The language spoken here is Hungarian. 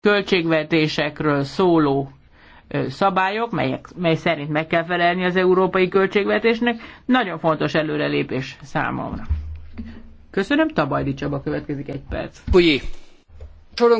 költségvetésekről szóló szabályok, melyek, mely szerint meg kell felelni az európai költségvetésnek, nagyon fontos előrelépés számomra. Köszönöm, Tabajdi Csaba következik egy perc. Ujjé.